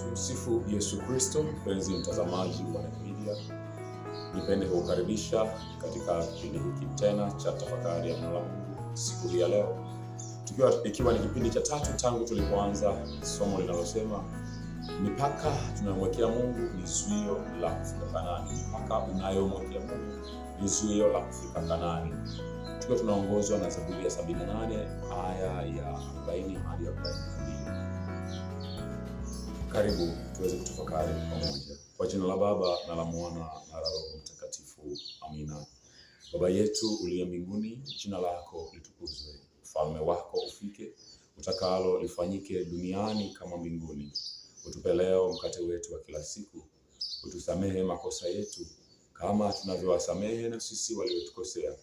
Tumsifu Yesu Kristo. Mpenzi mtazamaji wa Media, nipende kukaribisha katika kipindi hiki tena cha tafakari ya neno la Mungu siku hii ya leo, tukiwa ikiwa ni kipindi cha tatu tangu tulipoanza somo linalosema mipaka tunayomwekea Mungu ni zuio la kufika Kanaani. Mipaka unayomwekea Mungu ni zuio la kufika Kanaani, tukiwa tunaongozwa na Zaburi ya 78 aya ya 40 hadi 42. Karibu tuweze kutafakari pamoja. Kwa jina la Baba na la Mwana na la Roho Mtakatifu, amina. Baba yetu uliye mbinguni, jina lako litukuzwe, ufalme wako ufike, utakalo lifanyike duniani kama mbinguni. Utupe leo mkate wetu wa kila siku, utusamehe makosa yetu kama tunavyowasamehe na sisi waliotukosea,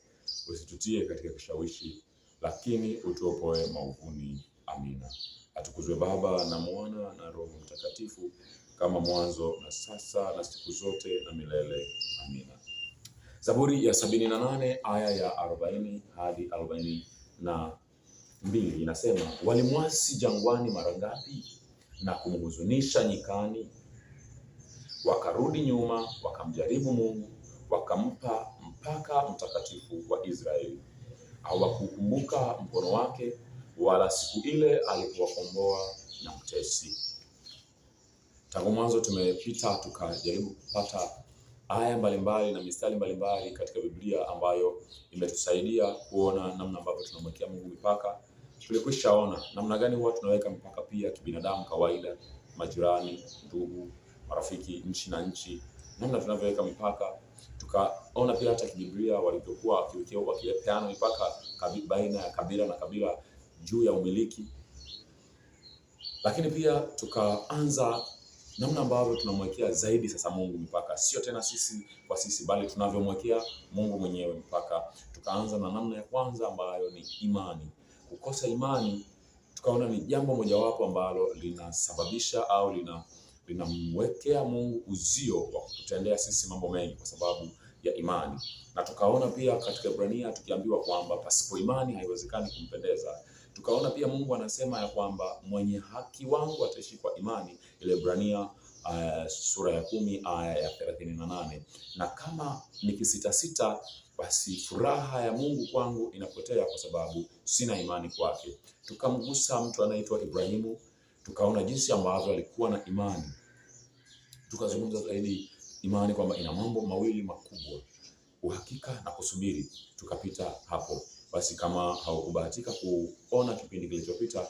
usitutie katika kishawishi, lakini utuopoe maovuni. Amina. Atukuzwe Baba na Mwana na Roho Mtakatifu, kama mwanzo na sasa na siku zote na milele. Amina. Zaburi ya sabini na nane aya ya arobaini hadi arobaini na mbili inasema, walimwasi jangwani mara ngapi na kumhuzunisha nyikani, wakarudi nyuma, wakamjaribu Mungu, wakampa mpaka mtakatifu wa Israeli, hawakukumbuka mkono wake wala siku ile alipowakomboa na mtesi. Tangu mwanzo tumepita tukajaribu kupata aya mbalimbali na mistari mbalimbali katika Biblia ambayo imetusaidia kuona namna ambavyo tunamwekea Mungu mipaka. Tulikwishaona namna gani huwa tunaweka mipaka pia kibinadamu, kawaida, majirani, ndugu, marafiki, nchi na nchi, namna tunavyoweka mipaka. Tukaona pia hata kibiblia walivyokuwa wakiwekea wakiwekeana mipaka baina ya kabila na kabila juu ya umiliki, lakini pia tukaanza namna ambavyo tunamwekea zaidi sasa Mungu mipaka, sio tena sisi kwa sisi, bali tunavyomwekea Mungu mwenyewe mpaka Tukaanza na namna ya kwanza ambayo ni imani. Kukosa imani tukaona ni jambo mojawapo ambalo linasababisha au lina linamwekea Mungu uzio wa kutendea sisi mambo mengi kwa sababu ya imani. Na tukaona pia katika Ibrania tukiambiwa kwamba pasipo imani haiwezekani kumpendeza Tukaona pia Mungu anasema ya kwamba mwenye haki wangu ataishi kwa imani, ile Ibrania uh, eh, sura ya kumi aya ya thelathini na nane na kama nikisitasita basi furaha ya Mungu kwangu inapotea kwa sababu sina imani kwake. Tukamgusa mtu anaitwa Ibrahimu, tukaona jinsi ambavyo alikuwa na imani. Tukazungumza zaidi imani kwamba ina mambo mawili makubwa, uhakika na kusubiri. Tukapita hapo. Basi kama haukubahatika kuona kipindi kilichopita,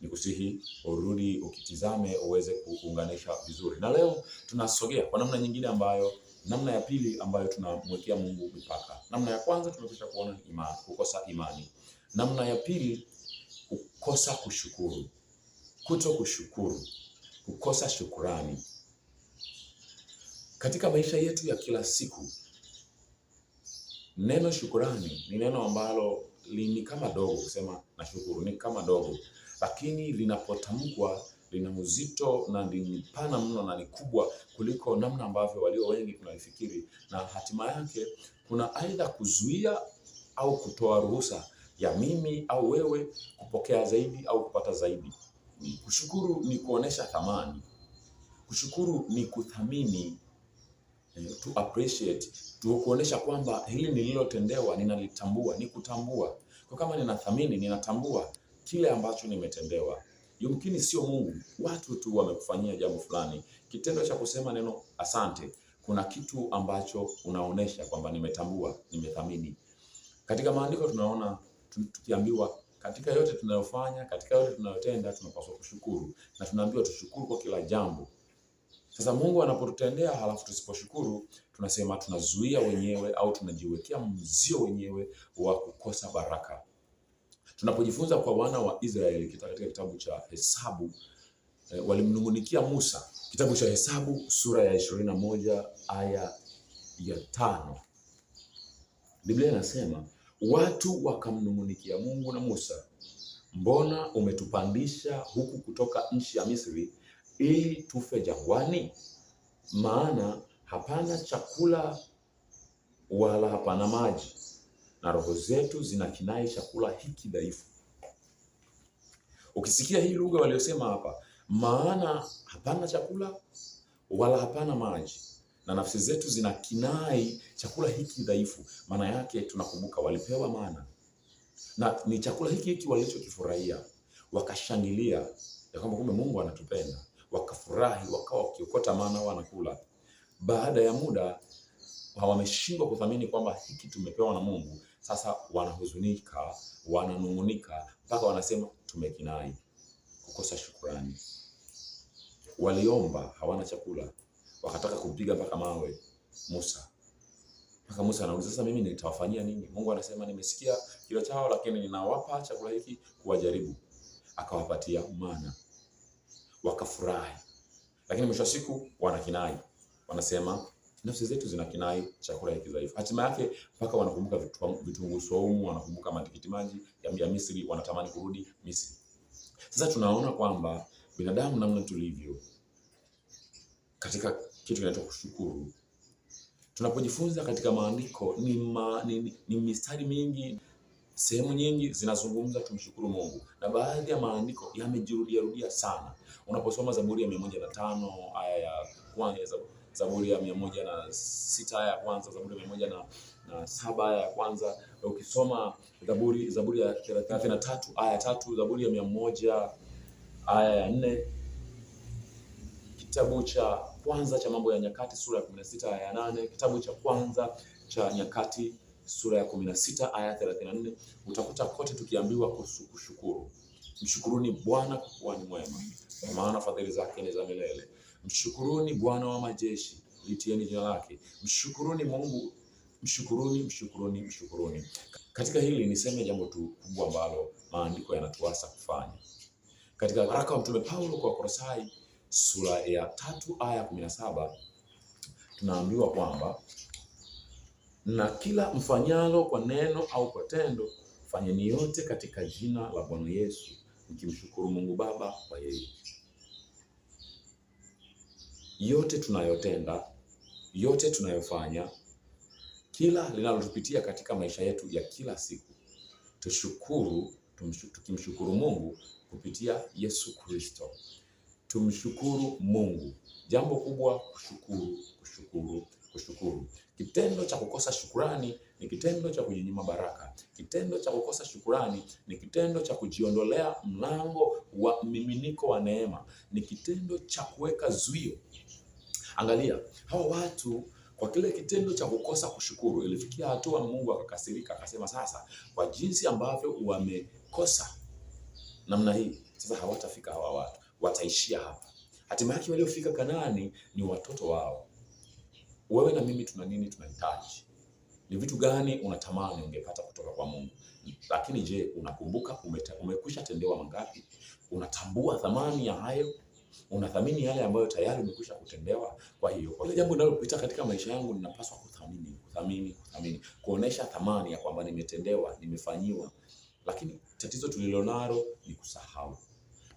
ni kusihi urudi ukitizame uweze kuunganisha vizuri. Na leo tunasogea kwa namna nyingine ambayo, namna ya pili ambayo tunamwekea Mungu mipaka. Namna ya kwanza tumekwisha kuona imani, kukosa imani. Namna ya pili kukosa kushukuru, kuto kushukuru, kukosa shukurani katika maisha yetu ya kila siku. Neno shukurani ni neno ambalo ni kama dogo kusema nashukuru, ni kama dogo, lakini linapotamkwa lina uzito na ni pana mno na ni kubwa kuliko namna ambavyo walio wengi tunaifikiri, na hatima yake kuna aidha kuzuia au kutoa ruhusa ya mimi au wewe kupokea zaidi au kupata zaidi. Kushukuru ni kuonesha thamani. Kushukuru ni kuthamini to appreciate, to kuonesha kwamba hili nililotendewa ninalitambua, ni kutambua kwa kama ninathamini, ninatambua kile ambacho nimetendewa. Yumkini sio Mungu, watu tu wamekufanyia jambo fulani. Kitendo cha kusema neno asante, kuna kitu ambacho unaonesha kwamba nimetambua, nimethamini. Katika maandiko tunaona tukiambiwa katika yote tunayofanya, katika yote tunayotenda tunapaswa kushukuru, na tunaambiwa tushukuru kwa kila jambo. Sasa Mungu anapotutendea halafu tusiposhukuru, tunasema tunazuia wenyewe au tunajiwekea mzio wenyewe wa kukosa baraka. Tunapojifunza kwa wana wa Israeli katika kitabu cha Hesabu eh, walimnungunikia Musa. Kitabu cha Hesabu sura ya ishirini na moja aya ya tano Biblia inasema watu wakamnungunikia Mungu na Musa, mbona umetupandisha huku kutoka nchi ya Misri ili tufe jangwani? Maana hapana chakula wala hapana maji, na roho zetu zinakinai chakula hiki dhaifu. Ukisikia hii lugha waliosema hapa, maana hapana chakula wala hapana maji na nafsi zetu zina kinai chakula hiki dhaifu. Maana yake tunakumbuka walipewa maana na ni chakula hiki hiki walichokifurahia, wakashangilia ya kwamba kumbe Mungu anatupenda wakafurahi, wakawa wakiokota, maana wanakula. Baada ya muda wameshindwa kuthamini kwamba hiki tumepewa na Mungu. Sasa wanahuzunika, wananungunika, mpaka wanasema tumekinai, kukosa shukrani. Waliomba hawana chakula, wakataka kumpiga mpaka mawe Musa. Mpaka Musa anauliza sasa, mimi nitawafanyia nini? Mungu anasema nimesikia kilio chao, lakini ninawapa chakula hiki kuwajaribu. Akawapatia mana wakafurahi, lakini mwisho wa siku wanakinai, wanasema nafsi zetu zina kinai chakula hiki dhaifu. Hatima yake mpaka wanakumbuka vitunguu saumu, wanakumbuka matikiti maji ya Misri, wanatamani kurudi Misri. Sasa tunaona kwamba binadamu namna tulivyo katika kitu kinaitwa kushukuru, tunapojifunza katika maandiko ni, ma, ni, ni, ni mistari mingi Sehemu nyingi zinazungumza tumshukuru Mungu, na baadhi ya maandiko yamejirudiarudia sana. Unaposoma Zaburi ya mia moja na tano aya ya kwanza, Zaburi ya mia moja na sita aya ya kwanza, Zaburi ya mia moja na, na saba aya ya kwanza, ukisoma Zaburi Zaburi ya thelathini na tatu aya ya tatu, Zaburi ya mia moja aya ya nne kitabu cha kwanza cha Mambo ya Nyakati sura ya 16 aya ya 8, kitabu cha kwanza cha Nyakati sura ya 16 aya 34, utakuta kote tukiambiwa kushukuru. Mshukuruni Bwana kwa kuwa ni mwema, kwa maana fadhili zake ni za milele. Mshukuruni Bwana wa majeshi, litieni jina lake. Mshukuruni Mungu, mshukuruni, mshukuruni, mshukuruni. Katika hili niseme jambo tu kubwa ambalo maandiko yanatuasa kufanya. Katika waraka wa Mtume Paulo kwa Korosai sura ya tatu aya 17 tunaambiwa kwamba na kila mfanyalo kwa neno au kwa tendo, fanyeni yote katika jina la Bwana Yesu, mkimshukuru Mungu Baba kwa yeye. Yote tunayotenda, yote tunayofanya, kila linalotupitia katika maisha yetu ya kila siku, tushukuru, tukimshukuru Mungu kupitia Yesu Kristo. Tumshukuru Mungu. Jambo kubwa, kushukuru, kushukuru kushukuru. Kitendo cha kukosa shukurani ni kitendo cha kujinyima baraka. Kitendo cha kukosa shukurani ni kitendo cha kujiondolea mlango wa miminiko wa neema, ni kitendo cha kuweka zuio. Angalia hawa watu kwa kile kitendo cha kukosa kushukuru, ilifikia hatua Mungu akakasirika, akasema sasa, kwa jinsi ambavyo wamekosa namna hii, sasa hawatafika hawa watu, wataishia hapa. Hatima yake waliofika Kanaani ni watoto wao wewe na mimi tuna nini tunahitaji? Ni vitu gani unatamani ungepata kutoka kwa Mungu? Lakini je, unakumbuka umekwisha tendewa mangapi? Unatambua thamani ya hayo? Unathamini yale ambayo tayari umekwisha kutendewa? Kwa hiyo kwa jambo linalopita katika maisha yangu ninapaswa kuthamini, kuthamini, kuthamini, kuonesha thamani ya kwamba nimetendewa, nimefanyiwa. Lakini tatizo tulilonalo ni kusahau.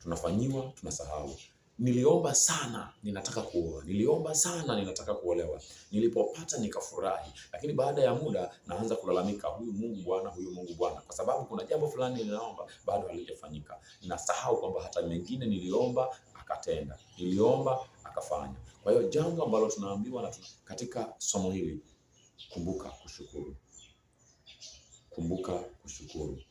Tunafanyiwa, tunasahau. Niliomba sana ninataka kuoa, niliomba sana ninataka kuolewa. Nilipopata nikafurahi, lakini baada ya muda naanza kulalamika, huyu Mungu bwana, huyu Mungu bwana, kwa sababu kuna jambo fulani ninaomba bado halijafanyika. Ninasahau kwamba hata mengine niliomba akatenda, niliomba akafanya. Kwa hiyo jambo ambalo tunaambiwa na katika somo hili, kumbuka kushukuru, kumbuka kushukuru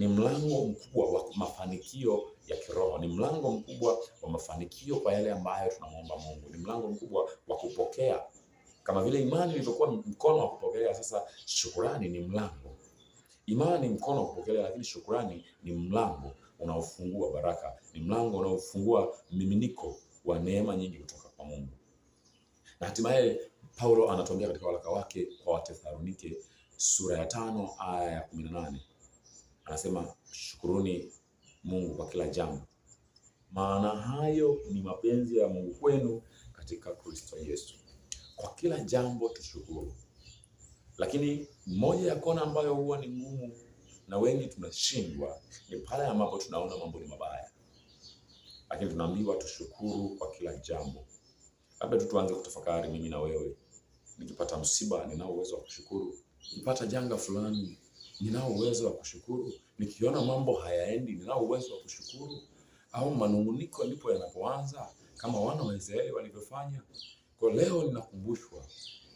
ni mlango mkubwa wa mafanikio ya kiroho, ni mlango mkubwa wa mafanikio kwa yale ambayo tunamwomba Mungu, ni mlango mkubwa wa kupokea. Kama vile imani ilivyokuwa mkono wa kupokelea, sasa shukurani ni mlango. Imani mkono wa kupokelea, lakini shukurani ni mlango unaofungua baraka, ni mlango unaofungua miminiko wa neema nyingi kutoka kwa Mungu. Na hatimaye Paulo anatuambia katika waraka wake kwa Wathesalonike sura ya tano aya ya kumi na nane anasema shukuruni Mungu kwa kila jambo, maana hayo ni mapenzi ya Mungu kwenu katika Kristo Yesu. Kwa kila jambo tushukuru. Lakini moja ya kona ambayo huwa ni ngumu na wengi tunashindwa ni pale ambapo tunaona mambo ni mabaya, lakini tunaambiwa tushukuru kwa kila jambo. Labda tu tuanze kutafakari, mimi na wewe, nikipata msiba ninao uwezo wa kushukuru? Nikipata janga fulani Ninao uwezo wa kushukuru. Nikiona mambo hayaendi, ninao uwezo wa kushukuru. Au manunguniko ndipo yanapoanza, kama wana wa Israeli walivyofanya. Kwa leo ninakumbushwa,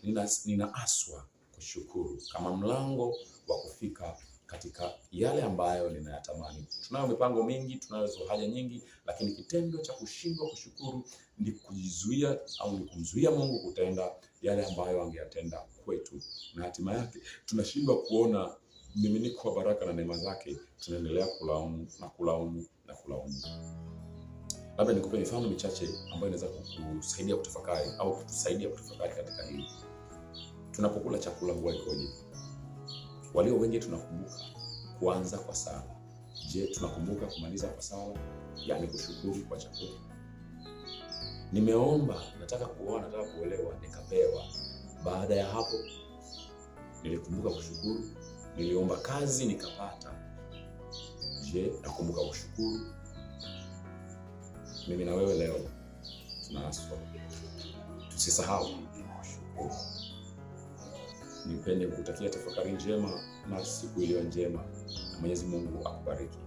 nina, ninaaswa kushukuru kama mlango wa kufika katika yale ambayo ninayatamani. Tunayo mipango mingi, tunazo haja nyingi, lakini kitendo cha kushindwa kushukuru ni kujizuia au ni kumzuia Mungu kutenda yale ambayo angeyatenda kwetu, na hatima yake tunashindwa kuona mmiminiko wa baraka na neema zake, tunaendelea kulaumu na kulaumu na kulaumu. Labda nikupe mifano michache ambayo inaweza kukusaidia kutafakari au kutusaidia kutafakari katika hili. Tunapokula chakula huwa ikoje? Walio wengi tunakumbuka kuanza kwa sala. Je, tunakumbuka kumaliza kwa sala, yaani kushukuru kwa chakula? Nimeomba, nataka kuoa, nataka kuolewa, nikapewa. Baada ya hapo nilikumbuka kushukuru Niliomba kazi nikapata. Je, nakumbuka kushukuru? Mimi na wewe leo tunaaswa tusisahau kushukuru. Nipende kutakia tafakari njema na siku iliyo njema, na Mwenyezi Mungu akubariki.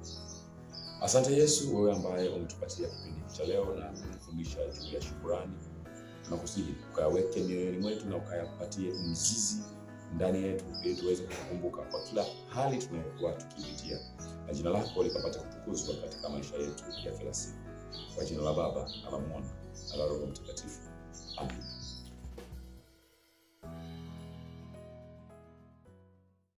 Asante Yesu, wewe ambaye umetupatia kipindi cha leo na kutufundisha juu ya shukurani, tunakusihi ukayaweke mioyoni mwetu na ukayapatie mzizi ndani yetu ili tuweze kukumbuka kwa kila hali tunayokuwa tukipitia, na jina lako likapata kutukuzwa katika maisha yetu ya kila siku, kwa jina la Baba na la Mwana na la Roho Mtakatifu. Amen.